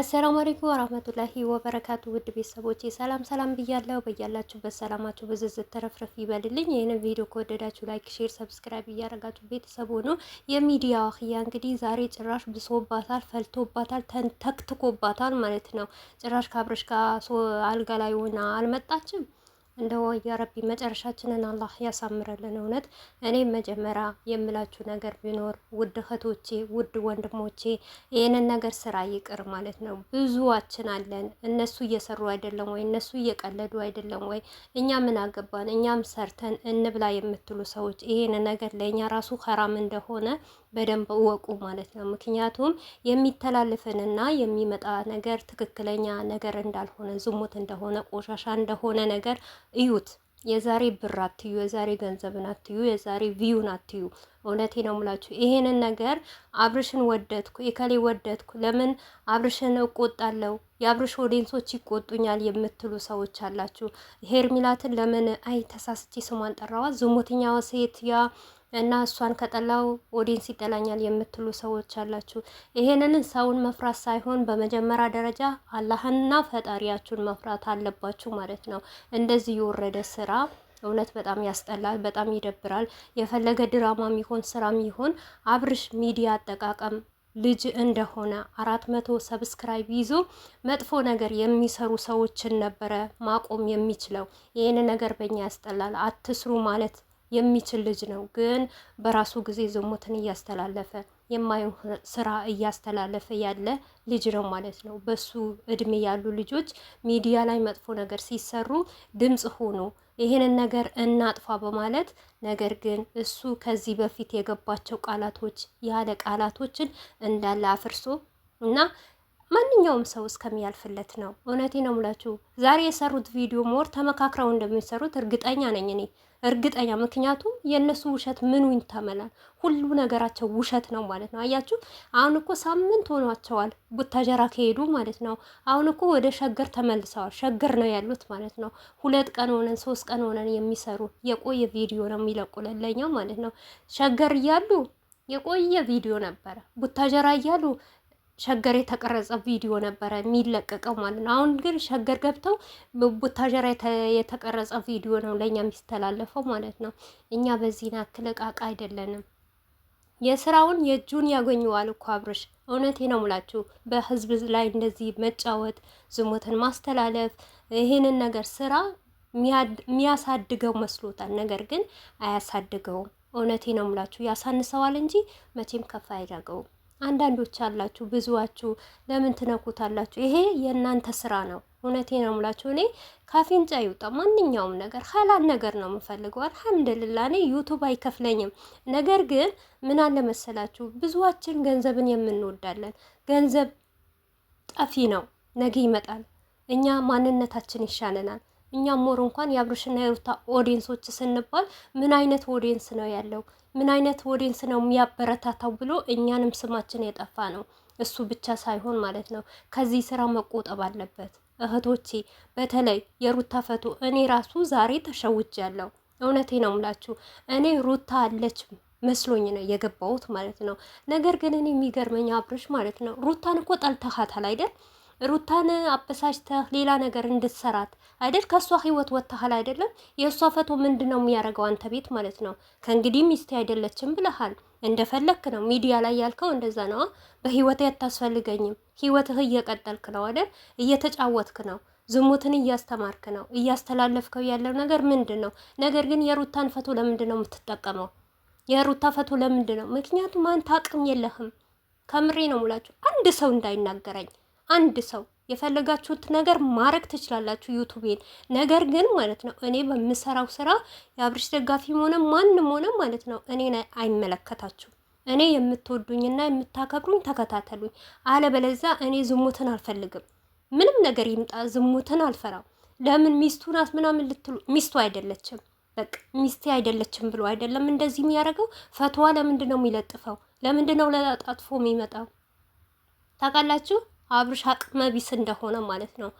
አሰላሙ አለይኩም ወራህመቱላሂ ወበረካቱ ውድ ቤተሰቦቼ ሰላም ሰላም ብያለሁ። በያላችሁበት ሰላማችሁ በዝዝት ተረፍረፍ ይበልልኝ። ይህንን ቪዲዮ ከወደዳችሁ ላይክ፣ ሼር፣ ሰብስክራይብ እያደረጋችሁ ቤተሰብ ሆኖ የሚዲያዋ አህያ እንግዲህ ዛሬ ጭራሽ ብሶባታል፣ ፈልቶባታል፣ ተንተክትኮባታል ማለት ነው። ጭራሽ ካብረሽ ጋር አልጋ ላይ ሆና አልመጣችም እንደው ያ ረቢ መጨረሻችንን አላህ ያሳምረልን። እውነት እኔ መጀመሪያ የምላችሁ ነገር ቢኖር ውድ እህቶቼ፣ ውድ ወንድሞቼ ይህንን ነገር ስራ ይቅር ማለት ነው። ብዙዋችን አለን። እነሱ እየሰሩ አይደለም ወይ? እነሱ እየቀለዱ አይደለም ወይ? እኛ ምን አገባን? እኛም ሰርተን እንብላ የምትሉ ሰዎች ይህን ነገር ለእኛ ራሱ ሀራም እንደሆነ በደንብ እወቁ ማለት ነው። ምክንያቱም የሚተላለፍንና የሚመጣ ነገር ትክክለኛ ነገር እንዳልሆነ ዝሙት እንደሆነ ቆሻሻ እንደሆነ ነገር እዩት። የዛሬ ብር አትዩ፣ የዛሬ ገንዘብን አትዩ፣ የዛሬ ቪዩን አትዩ። እውነቴ ነው ምላችሁ ይሄንን ነገር አብርሽን ወደድኩ የከሌ ወደድኩ ለምን አብርሽን እቆጣለሁ የአብርሽ ኦዲንሶች ይቆጡኛል የምትሉ ሰዎች አላችሁ። ሄርሚላትን ለምን አይ ተሳስቼ ስሟን ጠራዋ ዝሙተኛዋ ሴት ያ እና እሷን ከጠላው ኦዲንስ ይጠላኛል የምትሉ ሰዎች አላችሁ። ይሄንን ሰውን መፍራት ሳይሆን በመጀመሪያ ደረጃ አላህና ፈጣሪያችሁን መፍራት አለባችሁ ማለት ነው። እንደዚህ የወረደ ስራ እውነት በጣም ያስጠላል፣ በጣም ይደብራል። የፈለገ ድራማም ይሆን ስራም ይሆን አብርሽ ሚዲያ አጠቃቀም ልጅ እንደሆነ አራት መቶ ሰብስክራይብ ይዞ መጥፎ ነገር የሚሰሩ ሰዎችን ነበረ ማቆም የሚችለው። ይህን ነገር በእኛ ያስጠላል። አትስሩ ማለት የሚችል ልጅ ነው። ግን በራሱ ጊዜ ዝሙትን እያስተላለፈ የማይሆን ስራ እያስተላለፈ ያለ ልጅ ነው ማለት ነው። በሱ እድሜ ያሉ ልጆች ሚዲያ ላይ መጥፎ ነገር ሲሰሩ ድምፅ ሆኖ ይህንን ነገር እናጥፋ በማለት ነገር ግን እሱ ከዚህ በፊት የገባቸው ቃላቶች ያለ ቃላቶችን እንዳለ አፍርሶ እና ማንኛውም ሰው እስከሚያልፍለት ነው። እውነቴ ነው ምላችሁ ዛሬ የሰሩት ቪዲዮ ሞር ተመካክረው እንደሚሰሩት እርግጠኛ ነኝ እኔ። እርግጠኛ። ምክንያቱም የእነሱ ውሸት ምኑን ይታመናል? ሁሉ ነገራቸው ውሸት ነው ማለት ነው። አያችሁ፣ አሁን እኮ ሳምንት ሆኗቸዋል ቡታጀራ ከሄዱ ማለት ነው። አሁን እኮ ወደ ሸገር ተመልሰዋል። ሸገር ነው ያሉት ማለት ነው። ሁለት ቀን ሆነን ሶስት ቀን ሆነን የሚሰሩ የቆየ ቪዲዮ ነው የሚለቁልን ለኛ ማለት ነው። ሸገር እያሉ የቆየ ቪዲዮ ነበረ። ቡታጀራ እያሉ ሸገር የተቀረጸ ቪዲዮ ነበረ የሚለቀቀው ማለት ነው። አሁን ግን ሸገር ገብተው ቡታጀራ የተቀረጸ ቪዲዮ ነው ለእኛ የሚስተላለፈው ማለት ነው። እኛ በዚህ ናክል እቃቃ አይደለንም። የስራውን የእጁን ያገኘዋል እኮ አብርሽ፣ እውነቴ ነው ሙላችሁ። በህዝብ ላይ እንደዚህ መጫወት፣ ዝሙትን ማስተላለፍ ይህንን ነገር ስራ የሚያሳድገው መስሎታል። ነገር ግን አያሳድገውም። እውነቴ ነው ሙላችሁ፣ ያሳንሰዋል እንጂ መቼም ከፍ አያደርገውም። አንዳንዶች አላችሁ ብዙዋችሁ ለምን ትነኩታላችሁ? ይሄ የእናንተ ስራ ነው። እውነቴ ነው ምላችሁ። እኔ ካፊንጫ ይውጣ ማንኛውም ነገር ሀላል ነገር ነው የምፈልገው። አልሐምድልላ እኔ ዩቱብ አይከፍለኝም። ነገር ግን ምን አለ መሰላችሁ ብዙዋችን ገንዘብን የምንወዳለን። ገንዘብ ጠፊ ነው፣ ነገ ይመጣል። እኛ ማንነታችን ይሻለናል። እኛ ሞር እንኳን የአብርሽና የሩታ ኦዲየንሶች ስንባል ምን አይነት ኦዲየንስ ነው ያለው፣ ምን አይነት ኦዲየንስ ነው የሚያበረታታው ብሎ እኛንም ስማችን የጠፋ ነው። እሱ ብቻ ሳይሆን ማለት ነው ከዚህ ስራ መቆጠብ አለበት። እህቶቼ በተለይ የሩታ ፈቶ እኔ ራሱ ዛሬ ተሸውጃለሁ። እውነቴ ነው ምላችሁ እኔ ሩታ አለች መስሎኝ ነው የገባሁት ማለት ነው። ነገር ግን እኔ የሚገርመኝ አብርሽ ማለት ነው ሩታን እኮ ጠልተሃታል አይደል? ሩታን አበሳጭተህ ሌላ ነገር እንድትሰራት አይደል? ከእሷ ህይወት ወጥተሃል አይደለም? የእሷ ፈቶ ምንድን ነው የሚያደርገው አንተ ቤት ማለት ነው። ከእንግዲህ ሚስቴ አይደለችም ብለሃል። እንደፈለክ ነው ሚዲያ ላይ ያልከው፣ እንደዛ ነው። በህይወት አታስፈልገኝም። ህይወትህ እየቀጠልክ ነው አይደል? እየተጫወትክ ነው ዝሙትን እያስተማርክ ነው። እያስተላለፍከው ያለው ነገር ምንድን ነው? ነገር ግን የሩታን ፈቶ ለምንድን ነው የምትጠቀመው? የሩታ ፈቶ ለምንድን ነው? ምክንያቱም አንተ አቅም የለህም። ከምሬ ነው ሙላችሁ። አንድ ሰው እንዳይናገረኝ አንድ ሰው የፈለጋችሁት ነገር ማድረግ ትችላላችሁ ዩቱቤን። ነገር ግን ማለት ነው እኔ በምሰራው ስራ የአብርሽ ደጋፊም ሆነ ማንም ሆነ ማለት ነው እኔ አይመለከታችሁ። እኔ የምትወዱኝና የምታከብሩኝ ተከታተሉኝ፣ አለበለዛ እኔ ዝሙትን አልፈልግም። ምንም ነገር ይምጣ ዝሙትን አልፈራው። ለምን ሚስቱ ናት ምናምን ልትሉ ሚስቱ አይደለችም በቃ ሚስቴ አይደለችም ብሎ አይደለም እንደዚህ የሚያደርገው። ፈትዋ ለምንድን ነው የሚለጥፈው? ለምንድን ነው ለጣጥፎ የሚመጣው? ታውቃላችሁ? አብርሽ አቅመ ቢስ እንደሆነ ማለት ነው፣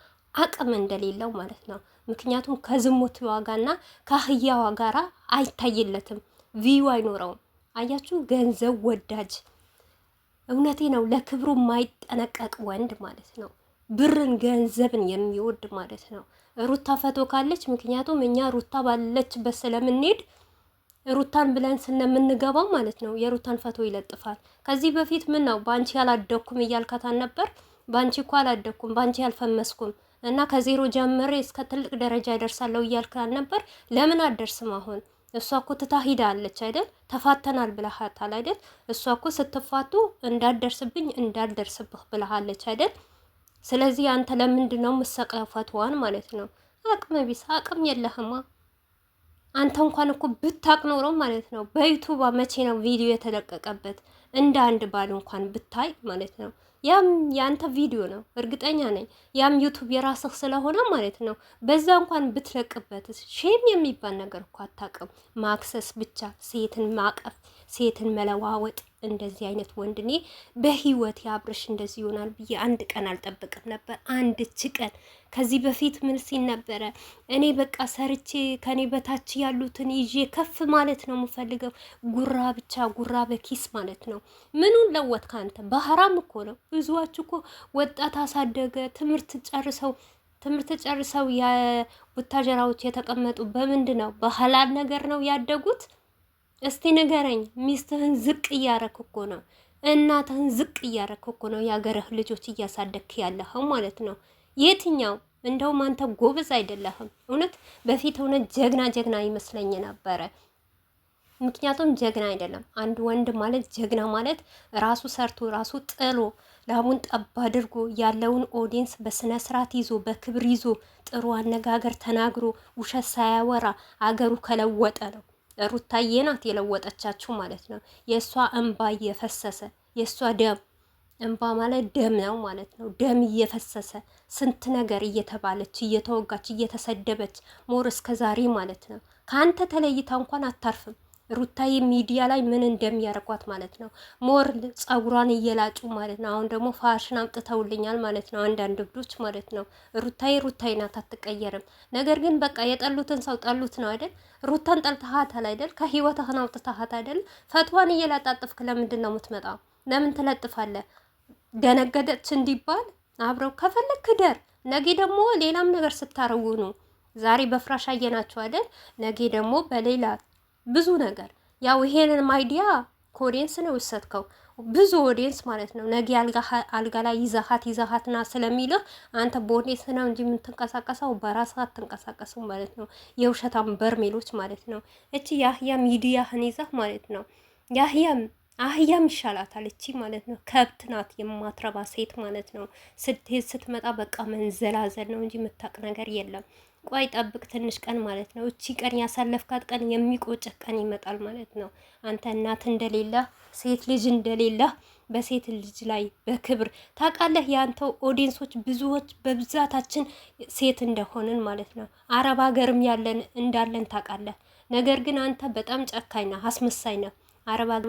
አቅም እንደሌለው ማለት ነው። ምክንያቱም ከዝሙት ዋጋና ከአህያዋ ጋራ አይታይለትም፣ ቪዩ አይኖረውም። አያችሁ፣ ገንዘብ ወዳጅ እውነቴ ነው። ለክብሩ የማይጠነቀቅ ወንድ ማለት ነው። ብርን ገንዘብን የሚወድ ማለት ነው። ሩታ ፈቶ ካለች ምክንያቱም እኛ ሩታ ባለችበት ስለምንሄድ ሩታን ብለን ስለምንገባው ማለት ነው። የሩታን ፈቶ ይለጥፋል። ከዚህ በፊት ምን ነው በአንቺ ያላደኩም እያልካታን ነበር። ባንቺ እኮ አላደግኩም፣ ባንቺ አልፈመስኩም እና ከዜሮ ጀምሬ እስከ ትልቅ ደረጃ ይደርሳለሁ እያልክ አልነበር? ለምን አደርስም? አሁን እሷ እኮ ትታ ሂዳለች አይደል? ተፋተናል ብለሃታል አይደል? እሷ እኮ ስትፋቱ እንዳደርስብኝ እንዳደርስብህ ብለሃለች አይደል? ስለዚህ አንተ ለምንድን ነው የምትሰቅለው ፈትዋን ማለት ነው? አቅም ቢስ አቅም የለህማ። አንተ እንኳን እኮ ብታቅ ኖሮ ማለት ነው በዩቱባ መቼ ነው ቪዲዮ የተለቀቀበት? እንደ አንድ ባል እንኳን ብታይ ማለት ነው ያም ያንተ ቪዲዮ ነው፣ እርግጠኛ ነኝ። ያም ዩቱብ የራስህ ስለሆነ ማለት ነው። በዛ እንኳን ብትለቅበት ሼም የሚባል ነገር እኮ አታውቅም። ማክሰስ ብቻ ሴትን ማቀፍ ሴትን መለዋወጥ እንደዚህ አይነት ወንድ እኔ በህይወት ያብርሽ እንደዚህ ይሆናል ብዬ አንድ ቀን አልጠብቅም ነበር። አንድች ቀን ከዚህ በፊት ምን ሲል ነበረ? እኔ በቃ ሰርቼ ከኔ በታች ያሉትን ይዤ ከፍ ማለት ነው የምፈልገው። ጉራ ብቻ ጉራ በኪስ ማለት ነው። ምኑን ለወት ካንተ ባህራም እኮ ነው። ብዙዋችሁ እኮ ወጣት አሳደገ ትምህርት ጨርሰው ትምህርት ጨርሰው የቡታጀራዎች የተቀመጡ በምንድ ነው? በሀላል ነገር ነው ያደጉት። እስቲ ንገረኝ፣ ሚስትህን ዝቅ እያረክ እኮ ነው፣ እናትህን ዝቅ እያረክ እኮ ነው የአገርህ ልጆች እያሳደግክ ያለኸው ማለት ነው። የትኛው እንደውም አንተ ጎበዝ አይደለህም። እውነት በፊት እውነት ጀግና ጀግና ይመስለኝ ነበረ። ምክንያቱም ጀግና አይደለም። አንድ ወንድ ማለት ጀግና ማለት ራሱ ሰርቶ ራሱ ጥሎ ላቡን ጠብ አድርጎ ያለውን ኦዲየንስ በስነ ስርዓት ይዞ በክብር ይዞ ጥሩ አነጋገር ተናግሮ ውሸት ሳያወራ አገሩ ከለወጠ ነው። ሩታዬ ናት የለወጠቻችሁ ማለት ነው። የእሷ እንባ እየፈሰሰ የእሷ ደም እንባ ማለት ደም ነው ማለት ነው። ደም እየፈሰሰ ስንት ነገር እየተባለች እየተወጋች እየተሰደበች ሞር እስከ ዛሬ ማለት ነው። ከአንተ ተለይታ እንኳን አታርፍም። ሩታዬ ሚዲያ ላይ ምን እንደሚያደርጓት ማለት ነው። ሞር ጸጉሯን እየላጩ ማለት ነው። አሁን ደግሞ ፋሽን አምጥተውልኛል ማለት ነው። አንዳንድ እብዶች ማለት ነው። ሩታዬ ሩታዬ ናት፣ አትቀየርም። ነገር ግን በቃ የጠሉትን ሰው ጠሉት ነው አይደል? ሩታን ጠልተሃታል አይደል? ከህይወትህን አውጥተሃት አይደል? ፈትዋን እየላጣጥፍክ ለምንድን ነው የምትመጣው? ለምን ትለጥፋለህ? ደነገደች እንዲባል አብረው ከፈለክ ደር ነገ ደግሞ ሌላም ነገር ስታረውኑ ዛሬ በፍራሽ አየናቸው አይደል? ነገ ደግሞ በሌላ ብዙ ነገር ያው ይሄንን ማይዲያ ከኦዲየንስ ነው የወሰድከው። ብዙ ኦዲየንስ ማለት ነው ነገ አልጋ ላይ ይዘሃት ይዘሃትና ስለሚልህ አንተ በኦዲየንስ ነው እንጂ የምትንቀሳቀሰው በራስህ አትንቀሳቀስም ማለት ነው። የውሸታም በርሜሎች ማለት ነው። እቺ የአህያም ይድያህን ይዘህ ማለት ነው። የአህያም አህያም ይሻላታል እቺ ማለት ነው። ከብት ናት የማትረባ ሴት ማለት ነው። ስትሄድ ስትመጣ በቃ መንዘላዘል ነው እንጂ የምታውቅ ነገር የለም። ቆይ ጠብቅ ትንሽ ቀን ማለት ነው። እቺ ቀን ያሳለፍካት ቀን የሚቆጭ ቀን ይመጣል ማለት ነው። አንተ እናት እንደሌላ ሴት ልጅ እንደሌላ በሴት ልጅ ላይ በክብር ታውቃለህ። የአንተው ኦዲንሶች ብዙዎች በብዛታችን ሴት እንደሆንን ማለት ነው። አረብ ሀገርም ያለን እንዳለን ታውቃለህ። ነገር ግን አንተ በጣም ጨካኝ ነህ፣ አስመሳይ ነህ። አረብ